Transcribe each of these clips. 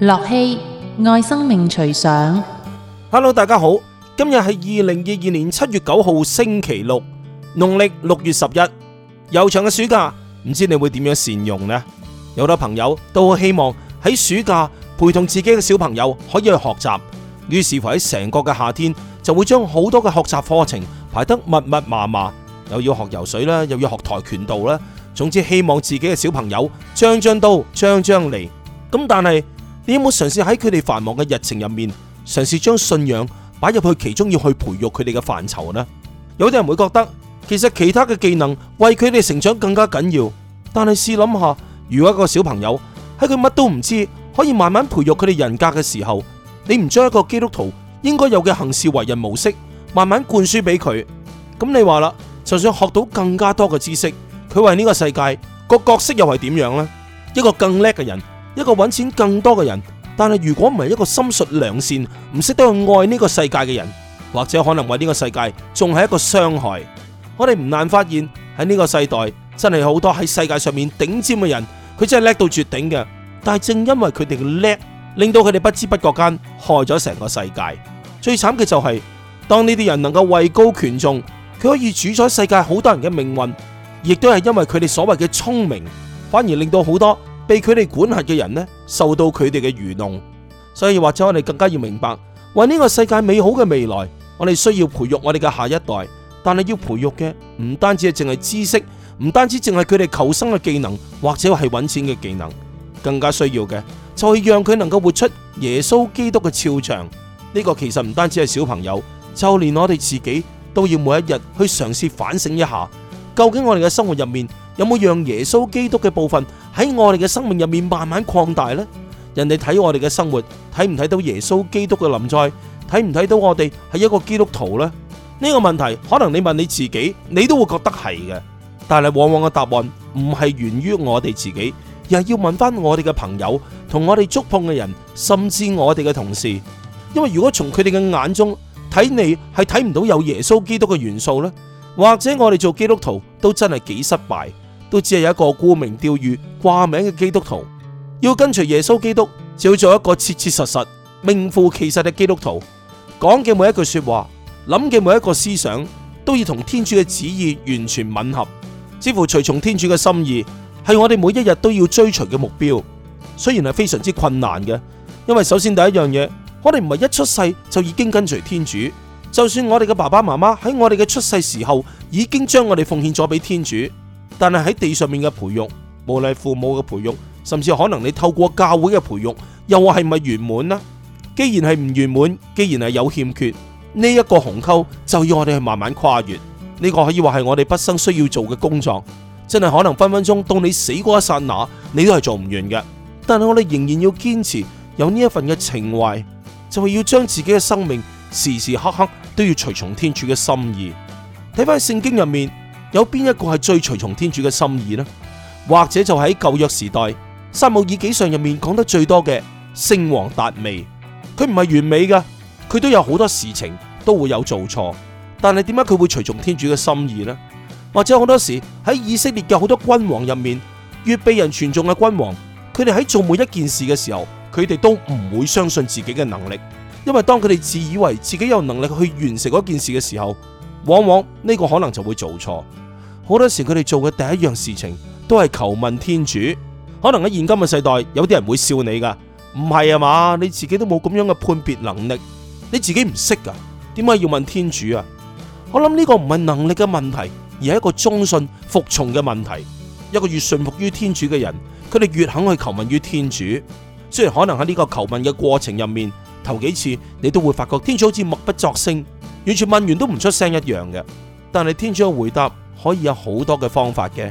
樂器愛生命隨想，Hello，大家好。今日係二零二二年七月九號星期六，農曆六月十一。悠長嘅暑假，唔知你會點樣善用呢？有好多朋友都好希望喺暑假陪同自己嘅小朋友可以去學習，於是乎喺成個嘅夏天就會將好多嘅學習課程排得密密麻麻，又要學游水啦，又要學跆拳道啦。總之，希望自己嘅小朋友張張到，張張嚟，咁但係。你有冇嘗試喺佢哋繁忙嘅日程入面，嘗試將信仰擺入去其中，要去培育佢哋嘅範疇呢？有啲人會覺得，其實其他嘅技能為佢哋成長更加緊要。但係試諗下，如果一個小朋友喺佢乜都唔知，可以慢慢培育佢哋人格嘅時候，你唔將一個基督徒應該有嘅行事為人模式慢慢灌輸俾佢，咁你話啦，就算學到更加多嘅知識，佢為呢個世界個角色又係點樣呢？一個更叻嘅人。一個揾錢更多嘅人，但係如果唔係一個心術良善，唔識得去愛呢個世界嘅人，或者可能為呢個世界仲係一個傷害。我哋唔難發現喺呢個世代真係好多喺世界上面頂尖嘅人，佢真係叻到絕頂嘅。但係正因為佢哋嘅叻，令到佢哋不知不覺間害咗成個世界。最慘嘅就係、是、當呢啲人能夠位高權重，佢可以主宰世界好多人嘅命運，亦都係因為佢哋所謂嘅聰明，反而令到好多。被佢哋管轄嘅人呢，受到佢哋嘅愚弄，所以或者我哋更加要明白，為呢個世界美好嘅未來，我哋需要培育我哋嘅下一代，但係要培育嘅唔單止係淨係知識，唔單止淨係佢哋求生嘅技能，或者係揾錢嘅技能，更加需要嘅就係讓佢能夠活出耶穌基督嘅肖像。呢個其實唔單止係小朋友，就連我哋自己都要每一日去嘗試反省一下。究竟我哋嘅生活入面有冇讓耶穌基督嘅部分喺我哋嘅生命入面慢慢擴大咧？人哋睇我哋嘅生活，睇唔睇到耶穌基督嘅臨在？睇唔睇到我哋係一個基督徒咧？呢個問題可能你問你自己，你都會覺得係嘅。但係往往嘅答案唔係源於我哋自己，而係要問翻我哋嘅朋友、同我哋觸碰嘅人，甚至我哋嘅同事。因為如果從佢哋嘅眼中睇你，係睇唔到有耶穌基督嘅元素咧，或者我哋做基督徒。都真係幾失敗，都只係一個沽名釣譽、掛名嘅基督徒。要跟隨耶穌基督，就要做一個切切實實、名副其實嘅基督徒。講嘅每一句說話，諗嘅每一個思想，都要同天主嘅旨意完全吻合，至乎隨從天主嘅心意，係我哋每一日都要追隨嘅目標。雖然係非常之困難嘅，因為首先第一樣嘢，我哋唔係一出世就已經跟隨天主。就算我哋嘅爸爸媽媽喺我哋嘅出世時候已經將我哋奉獻咗俾天主，但係喺地上面嘅培育，無論父母嘅培育，甚至可能你透過教會嘅培育，又話係咪圓滿呢？既然係唔圓滿，既然係有欠缺，呢一個鴻溝就要我哋去慢慢跨越。呢個可以話係我哋畢生需要做嘅工作，真係可能分分鐘到你死嗰一剎那，你都係做唔完嘅。但係我哋仍然要堅持有呢一份嘅情懷，就係要將自己嘅生命。時時刻刻都要隨從天主嘅心意。睇翻喺聖經入面，有邊一個係最隨從天主嘅心意呢？或者就喺舊約時代《三幕爾紀》上入面講得最多嘅聖王達美」，佢唔係完美噶，佢都有好多事情都會有做錯。但係點解佢會隨從天主嘅心意呢？或者好多時喺以色列嘅好多君王入面，越被人傳頌嘅君王，佢哋喺做每一件事嘅時候，佢哋都唔會相信自己嘅能力。因為當佢哋自以為自己有能力去完成嗰件事嘅時候，往往呢個可能就會做錯。好多時佢哋做嘅第一樣事情都係求問天主。可能喺現今嘅世代，有啲人會笑你噶，唔係啊嘛？你自己都冇咁樣嘅判別能力，你自己唔識噶，點解要問天主啊？我諗呢個唔係能力嘅問題，而係一個忠信服從嘅問題。一個越信服於天主嘅人，佢哋越肯去求問於天主。雖然可能喺呢個求問嘅過程入面。頭幾次你都會發覺天主好似默不作聲，完全問完都唔出聲一樣嘅。但係天主嘅回答可以有好多嘅方法嘅，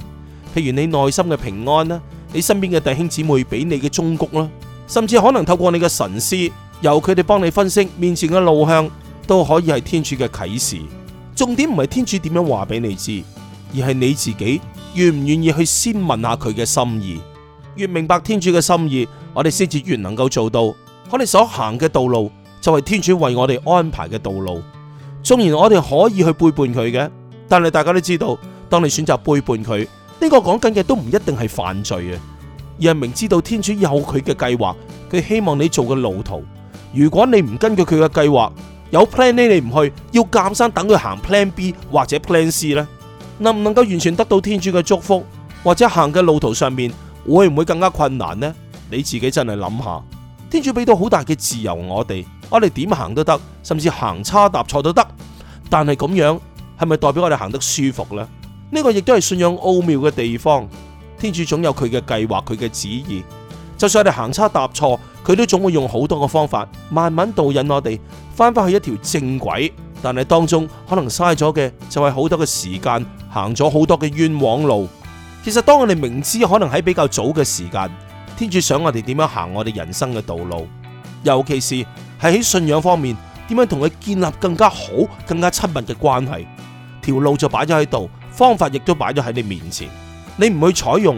譬如你內心嘅平安啦，你身邊嘅弟兄姊妹俾你嘅忠告啦，甚至可能透過你嘅神師，由佢哋幫你分析面前嘅路向，都可以係天主嘅啟示。重點唔係天主點樣話俾你知，而係你自己願唔願意去先問下佢嘅心意。越明白天主嘅心意，我哋先至越能夠做到。我哋所行嘅道路就係天主為我哋安排嘅道路。縱然我哋可以去背叛佢嘅，但係大家都知道，當你選擇背叛佢呢個講緊嘅都唔一定係犯罪啊，而係明知道天主有佢嘅計劃，佢希望你做嘅路途。如果你唔根據佢嘅計劃，有 plan A 你唔去，要夾生等佢行 plan B 或者 plan C 呢，能唔能夠完全得到天主嘅祝福，或者行嘅路途上面會唔會更加困難呢？你自己真係諗下。天主俾到好大嘅自由我哋，我哋點行都得，甚至行差踏錯都得。但係咁樣係咪代表我哋行得舒服呢？呢個亦都係信仰奧妙嘅地方。天主總有佢嘅計劃，佢嘅旨意。就算我哋行差踏錯，佢都總會用好多嘅方法，慢慢導引我哋翻返去一條正軌。但係當中可能嘥咗嘅就係好多嘅時間，行咗好多嘅冤枉路。其實當我哋明知可能喺比較早嘅時間。天主想我哋點樣行我哋人生嘅道路，尤其是係喺信仰方面，點樣同佢建立更加好、更加親密嘅關係？條路就擺咗喺度，方法亦都擺咗喺你面前。你唔去採用，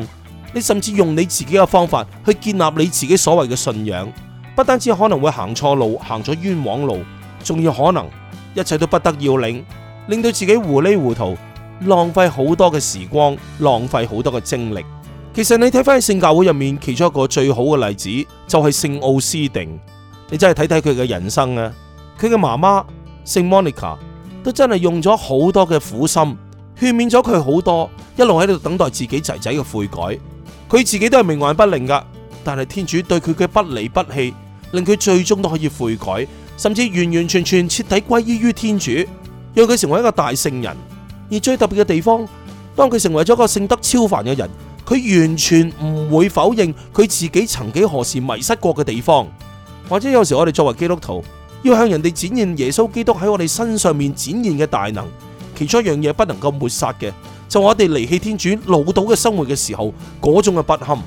你甚至用你自己嘅方法去建立你自己所謂嘅信仰，不單止可能會行錯路、行咗冤枉路，仲要可能一切都不得要領，令到自己糊裏糊塗，浪費好多嘅時光，浪費好多嘅精力。其實你睇翻喺聖教會入面，其中一個最好嘅例子就係聖奧斯定。你真係睇睇佢嘅人生啊！佢嘅媽媽聖 Monica 都真係用咗好多嘅苦心，勸勉咗佢好多，一路喺度等待自己仔仔嘅悔改。佢自己都係冥頑不靈噶，但係天主對佢嘅不離不棄，令佢最終都可以悔改，甚至完完全全徹底歸依於天主，讓佢成為一個大聖人。而最特別嘅地方，當佢成為咗一個聖德超凡嘅人。佢完全唔會否認佢自己曾幾何時迷失過嘅地方，或者有時我哋作為基督徒要向人哋展現耶穌基督喺我哋身上面展現嘅大能。其中一樣嘢不能夠抹殺嘅，就我哋離棄天主老島嘅生活嘅時候嗰種嘅不堪。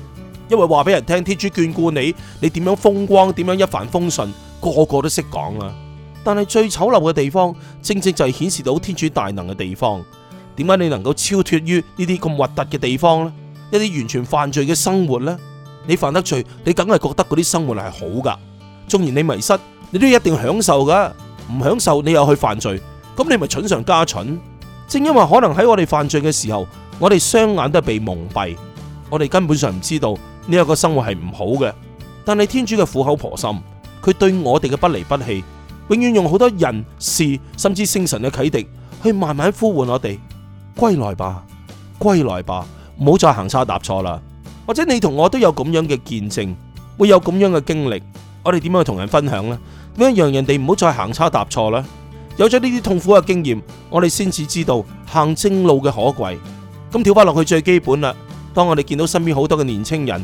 因為話俾人聽天主眷顧你，你點樣風光，點樣一帆風順，個個都識講啊。但係最醜陋嘅地方，正正就係顯示到天主大能嘅地方。點解你能夠超脫於呢啲咁核突嘅地方呢？一啲完全犯罪嘅生活呢，你犯得罪，你梗係覺得嗰啲生活係好噶。縱然你迷失，你都要一定享受噶。唔享受，你又去犯罪，咁你咪蠢上加蠢。正因為可能喺我哋犯罪嘅時候，我哋雙眼都係被蒙蔽，我哋根本上唔知道呢一個生活係唔好嘅。但係天主嘅苦口婆心，佢對我哋嘅不離不棄，永遠用好多人事，甚至聖神嘅啟迪，去慢慢呼喚我哋歸來吧，歸來吧。唔好再行差踏錯啦，或者你同我都有咁樣嘅見證，會有咁樣嘅經歷。我哋點樣去同人分享呢？點樣讓人哋唔好再行差踏錯呢？有咗呢啲痛苦嘅經驗，我哋先至知道行正路嘅可貴。咁跳翻落去最基本啦，當我哋見到身邊好多嘅年青人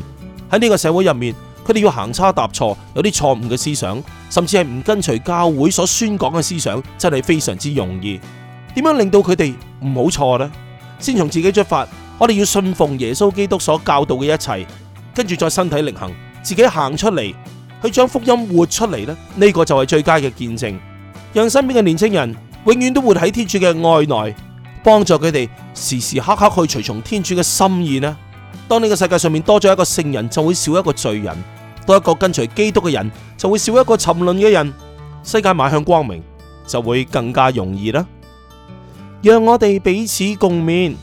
喺呢個社會入面，佢哋要行差踏錯，有啲錯誤嘅思想，甚至係唔跟隨教會所宣講嘅思想，真係非常之容易。點樣令到佢哋唔好錯呢？先從自己出發。我哋要信奉耶穌基督所教導嘅一切，跟住再身體力行，自己行出嚟，去將福音活出嚟咧，呢、呢個就係最佳嘅見證，讓身邊嘅年青人永遠都活喺天主嘅愛內幫助佢哋，時時刻刻去隨從天主嘅心意啦。當呢個世界上面多咗一個聖人，就會少一個罪人；多一個跟隨基督嘅人，就會少一個沉淪嘅人。世界邁向光明就會更加容易啦。讓我哋彼此共勉。